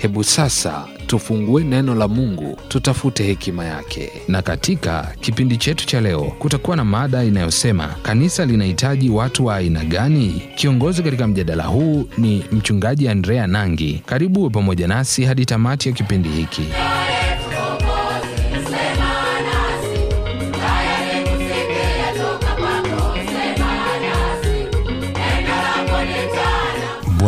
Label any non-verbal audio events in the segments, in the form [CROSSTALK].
Hebu sasa tufungue neno la Mungu, tutafute hekima yake. Na katika kipindi chetu cha leo kutakuwa na mada inayosema kanisa linahitaji watu wa aina gani? Kiongozi katika mjadala huu ni mchungaji Andrea Nangi. Karibu pamoja nasi hadi tamati ya kipindi hiki.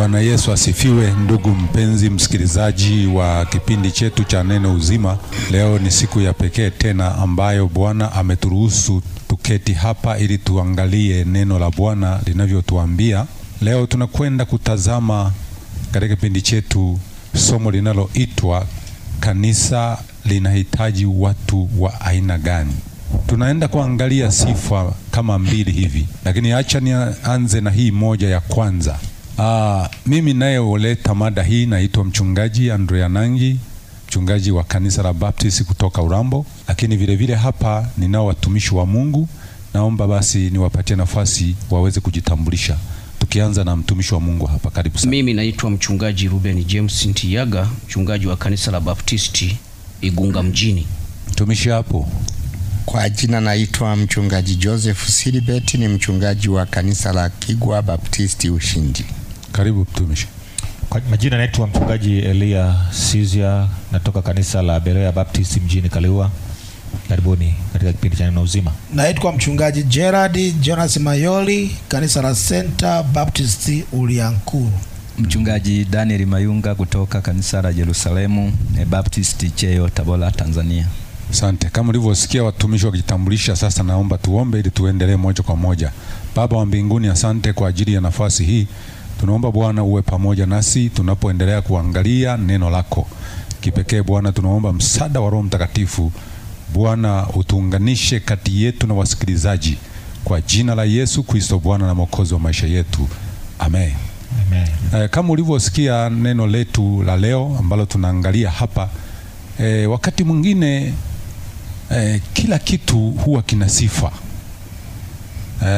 Bwana Yesu asifiwe, ndugu mpenzi msikilizaji wa kipindi chetu cha Neno Uzima. Leo ni siku ya pekee tena ambayo Bwana ameturuhusu tuketi hapa ili tuangalie neno la Bwana linavyotuambia. Leo tunakwenda kutazama katika kipindi chetu somo linaloitwa kanisa linahitaji watu wa aina gani? Tunaenda kuangalia sifa kama mbili hivi, lakini acha nianze na hii moja ya kwanza. Aa, ah, mimi nayoleta mada hii naitwa mchungaji Andrea Nangi, mchungaji wa kanisa la Baptist kutoka Urambo, lakini vile vile hapa ninao watumishi wa Mungu. Naomba basi niwapatie nafasi waweze kujitambulisha, tukianza na mtumishi wa Mungu hapa. Karibu sana. Mimi naitwa mchungaji Ruben James Ntiyaga, mchungaji wa kanisa la Baptist Igunga mjini. Mtumishi hapo kwa jina naitwa mchungaji Joseph Silibeti, ni mchungaji wa kanisa la Kigwa Baptisti Ushindi. Karibu mtumishi. Kwa majina naitwa mchungaji Elia Sizia, natoka kanisa la Berea Baptist mjini kaliwa Karibuni katika kipindi cha neno uzima. Naitwa mchungaji Gerard Jonas Mayoli, kanisa la Center Baptist Uliankuru. Mchungaji Daniel Mayunga kutoka kanisa la Yerusalemu eh, Baptist Cheyo, Tabora, Tanzania. Sante. Kama ulivyosikia watumishi wakijitambulisha, sasa naomba tuombe ili tuendelee moja kwa moja. Baba wa mbinguni, asante kwa ajili ya nafasi hii Tunaomba Bwana uwe pamoja nasi tunapoendelea kuangalia neno lako kipekee. Bwana, tunaomba msaada wa Roho Mtakatifu. Bwana, utuunganishe kati yetu na wasikilizaji kwa jina la Yesu Kristo, Bwana na Mwokozi wa maisha yetu, amen. Amen. E, kama ulivyosikia neno letu la leo ambalo tunaangalia hapa e, wakati mwingine e, kila kitu huwa kina sifa Uh,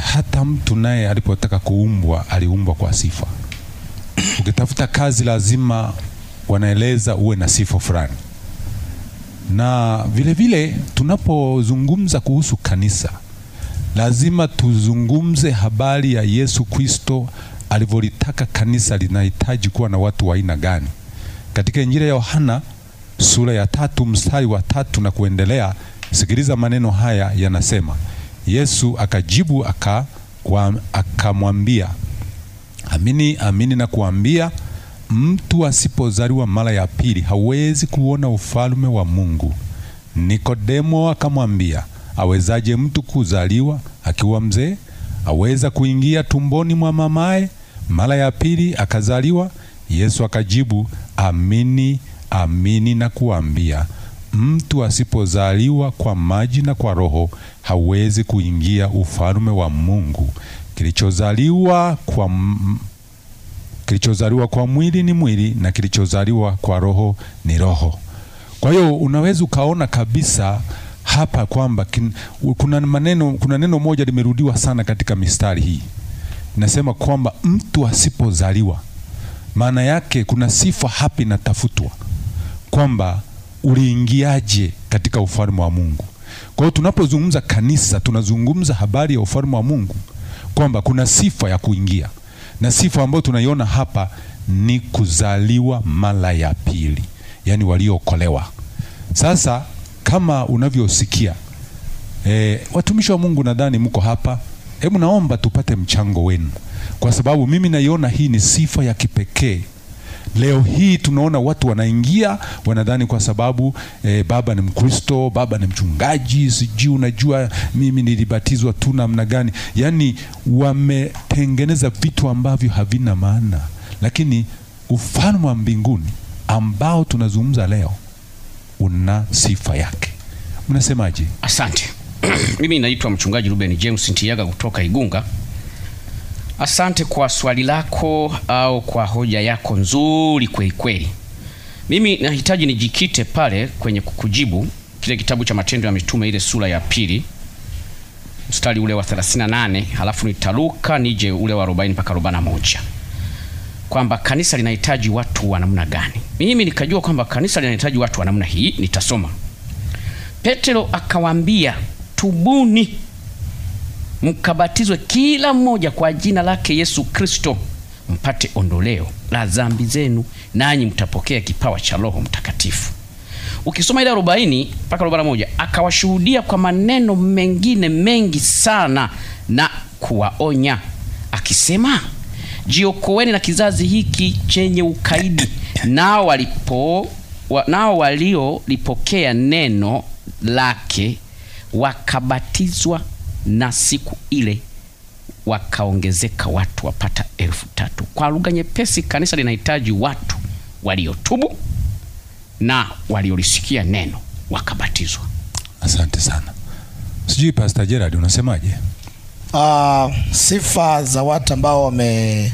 hata mtu naye alipotaka kuumbwa aliumbwa kwa sifa. Ukitafuta kazi lazima wanaeleza uwe na sifa fulani, na vile vile tunapozungumza kuhusu kanisa lazima tuzungumze habari ya Yesu Kristo alivyolitaka kanisa linahitaji kuwa na watu wa aina gani. Katika Injili ya Yohana sura ya tatu mstari wa tatu na kuendelea, sikiliza maneno haya yanasema Yesu akajibu akamwambia, amini amini na kuambia, mtu asipozaliwa mara ya pili hawezi kuona ufalme wa Mungu. Nikodemo akamwambia, awezaje mtu kuzaliwa akiwa mzee? Aweza kuingia tumboni mwa mamaye mara ya pili akazaliwa? Yesu akajibu, amini amini na kuambia mtu asipozaliwa kwa maji na kwa Roho hawezi kuingia ufalme wa Mungu. Kilichozaliwa kwa, kilichozaliwa kwa mwili ni mwili na kilichozaliwa kwa Roho ni roho. Kwa hiyo unaweza ukaona kabisa hapa kwamba kin, kuna maneno, kuna neno moja limerudiwa sana katika mistari hii. Nasema kwamba mtu asipozaliwa, maana yake kuna sifa hapa inatafutwa kwamba uliingiaje katika ufalme wa Mungu. Kwa hiyo tunapozungumza kanisa, tunazungumza habari ya ufalme wa Mungu kwamba kuna sifa ya kuingia, na sifa ambayo tunaiona hapa ni kuzaliwa mara ya pili, yaani waliokolewa Sasa kama unavyosikia e, watumishi wa Mungu, nadhani mko hapa, hebu naomba tupate mchango wenu, kwa sababu mimi naiona hii ni sifa ya kipekee Leo hii tunaona watu wanaingia wanadhani kwa sababu eh, baba ni Mkristo, baba ni mchungaji, sijui unajua mimi nilibatizwa tu namna gani. Yaani wametengeneza vitu ambavyo havina maana, lakini ufalme wa mbinguni ambao tunazungumza leo una sifa yake. Mnasemaje? Asante. [CLEARS THROAT] Mimi naitwa mchungaji Ruben James Ntiyaga kutoka Igunga. Asante kwa swali lako au kwa hoja yako nzuri kweli kweli. Mimi nahitaji nijikite pale kwenye kukujibu kile kitabu cha Matendo ya Mitume ile sura ya pili mstari ule wa 38, halafu nitaruka nije ule wa 40 mpaka 41, kwamba kanisa linahitaji watu wa namna gani. Mimi nikajua kwamba kanisa linahitaji watu wa namna hii, nitasoma. Petro akawambia, tubuni mkabatizwe kila mmoja kwa jina lake Yesu Kristo mpate ondoleo la dhambi zenu, nanyi mtapokea kipawa cha Roho Mtakatifu. Ukisoma ile 40 mpaka moja akawashuhudia kwa maneno mengine mengi sana na kuwaonya akisema, jiokoeni na kizazi hiki chenye ukaidi. Nao walipo wa, nao waliolipokea neno lake wakabatizwa na siku ile wakaongezeka watu wapata elfu tatu. Kwa lugha nyepesi, kanisa linahitaji watu waliotubu na waliolisikia neno wakabatizwa. Asante sana. Sijui Pastor Gerard unasemaje? Uh, sifa za watu ambao wame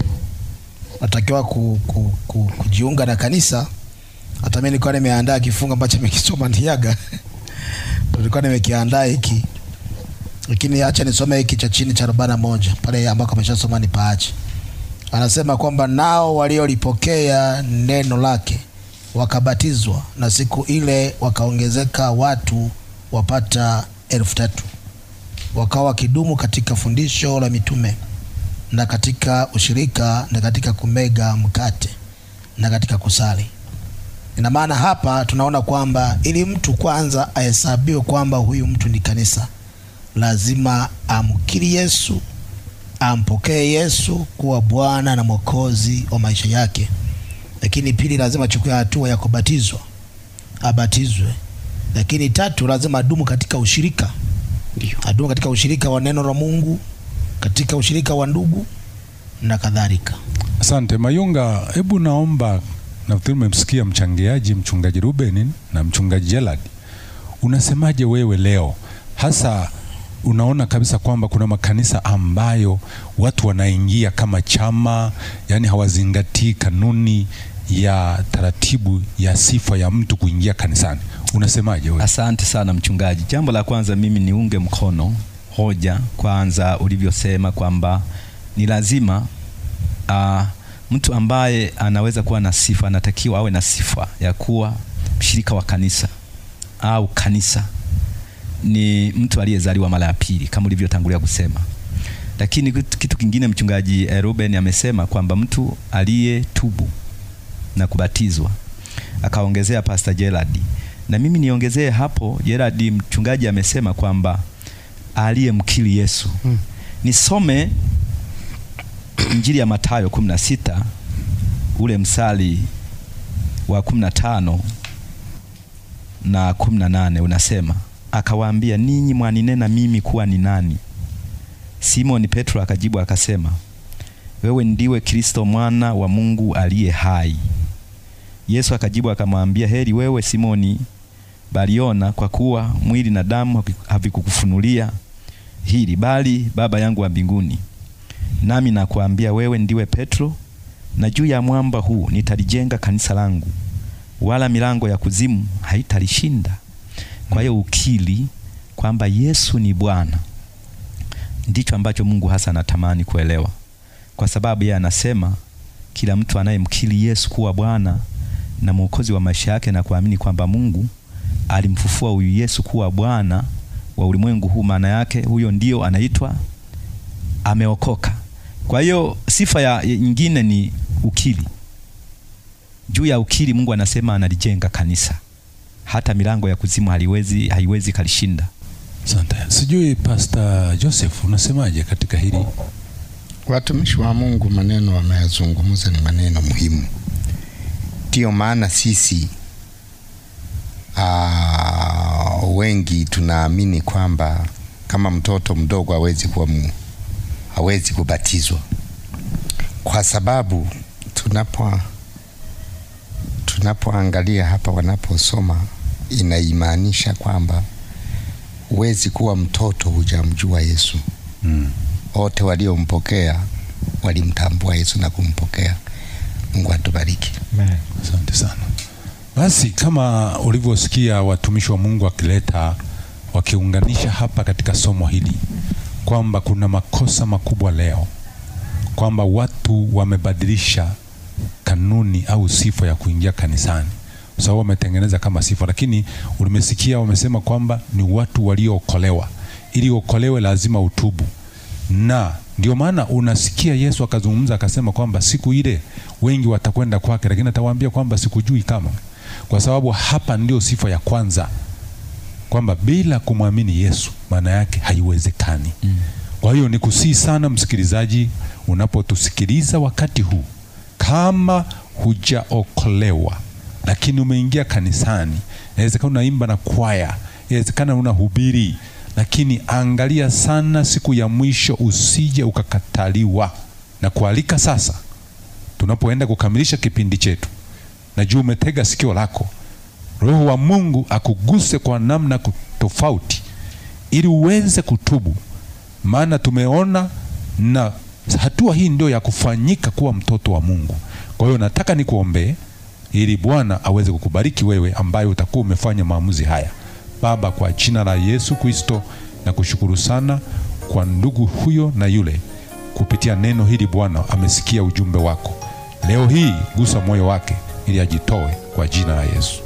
natakiwa ku, ku, ku, kujiunga na kanisa. Hata mimi nilikuwa nimeandaa kifungu ambacho nimekisoma [LAUGHS] niaga nilikuwa nimekiandaa hiki lakini acha nisome hiki cha chini cha arobaini na moja pale ambako ameshasoma ni paache, anasema kwamba nao waliolipokea neno lake wakabatizwa, na siku ile wakaongezeka watu wapata elfu tatu wakawa wakidumu katika fundisho la mitume na katika ushirika na katika kumega mkate na katika kusali. Ina maana hapa tunaona kwamba ili mtu kwanza ahesabiwe kwamba huyu mtu ni kanisa, lazima amkiri Yesu, ampokee Yesu kuwa Bwana na Mwokozi wa maisha yake. Lakini pili, lazima achukue hatua ya kubatizwa, abatizwe. Lakini tatu, lazima adumu katika ushirika, adumu katika ushirika wa neno la Mungu, katika ushirika wa ndugu na kadhalika. Asante Mayunga, hebu naomba, nafikiri umemsikia mchangiaji mchungaji Ruben na mchungaji Gerald. Unasemaje wewe leo hasa unaona kabisa kwamba kuna makanisa ambayo watu wanaingia kama chama, yani hawazingatii kanuni ya taratibu ya sifa ya mtu kuingia kanisani. Unasemaje wewe? Asante sana mchungaji. Jambo la kwanza mimi niunge mkono hoja kwanza ulivyosema kwamba ni lazima uh, mtu ambaye anaweza kuwa na sifa anatakiwa awe na sifa ya kuwa mshirika wa kanisa au kanisa ni mtu aliyezaliwa mara ya pili kama ulivyotangulia kusema. Lakini kitu kingine mchungaji eh, Ruben amesema kwamba mtu aliye tubu na kubatizwa, akaongezea Pastor Gerard, na mimi niongezee hapo. Gerard mchungaji amesema kwamba aliye mkili Yesu hmm. Nisome Injili ya Mathayo 16 ule msali wa 15 na 18 unasema akawaambia, ninyi mwaninena mimi kuwa ni nani? Simoni Petro akajibu akasema, wewe ndiwe Kristo mwana wa Mungu aliye hai. Yesu akajibu akamwambia, heri wewe Simoni Bariona, kwa kuwa mwili na damu havikukufunulia hili, bali Baba yangu wa mbinguni. Nami nakuambia wewe ndiwe Petro, na juu ya mwamba huu nitalijenga kanisa langu, wala milango ya kuzimu haitalishinda. Kwa hiyo ukili kwamba Yesu ni Bwana ndicho ambacho Mungu hasa anatamani kuelewa, kwa sababu yeye anasema kila mtu anayemkili Yesu kuwa Bwana na Mwokozi wa maisha yake na kuamini kwamba Mungu alimfufua huyu Yesu kuwa Bwana wa ulimwengu huu, maana yake huyo ndio anaitwa ameokoka. Kwa hiyo sifa ya nyingine ni ukili Juu ya ukili Mungu anasema analijenga kanisa hata milango ya kuzimu haliwezi, haiwezi kalishinda. Asante. Sijui Pastor Joseph unasemaje katika hili? Watumishi wa Mungu maneno wanayozungumza ni maneno muhimu. Ndiyo maana sisi aa, ah, wengi tunaamini kwamba kama mtoto mdogo hawezi kuwa mu, hawezi kubatizwa kwa sababu tunapo tunapoangalia hapa wanaposoma inaimaanisha kwamba huwezi kuwa mtoto hujamjua Yesu mm. Wote waliompokea walimtambua Yesu na kumpokea. Mungu atubariki. Asante sana. Basi kama ulivyosikia watumishi wa Mungu wakileta wakiunganisha hapa katika somo hili kwamba kuna makosa makubwa leo, kwamba watu wamebadilisha kanuni au sifa ya kuingia kanisani so wametengeneza kama sifa, lakini ulimesikia wamesema kwamba ni watu waliookolewa. Ili uokolewe lazima utubu, na ndio maana unasikia Yesu akazungumza akasema kwamba siku ile wengi watakwenda kwake, lakini atawaambia kwamba sikujui kama, kwa sababu hapa ndio sifa ya kwanza kwamba bila kumwamini Yesu maana yake haiwezekani. Mm. Kwa hiyo nikusii sana msikilizaji, unapotusikiliza wakati huu, kama hujaokolewa lakini umeingia kanisani, inawezekana unaimba na kwaya, inawezekana unahubiri, lakini angalia sana siku ya mwisho usije ukakataliwa. Na kualika sasa, tunapoenda kukamilisha kipindi chetu, najua umetega sikio lako, Roho wa Mungu akuguse kwa namna tofauti, ili uweze kutubu, maana tumeona na hatua hii ndio ya kufanyika kuwa mtoto wa Mungu. Kwa hiyo nataka nikuombee ili Bwana aweze kukubariki wewe ambaye utakuwa umefanya maamuzi haya. Baba, kwa jina la Yesu Kristo, na kushukuru sana kwa ndugu huyo na yule, kupitia neno hili Bwana amesikia ujumbe wako leo hii. Gusa moyo wake ili ajitoe kwa jina la Yesu.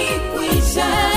we, we shine.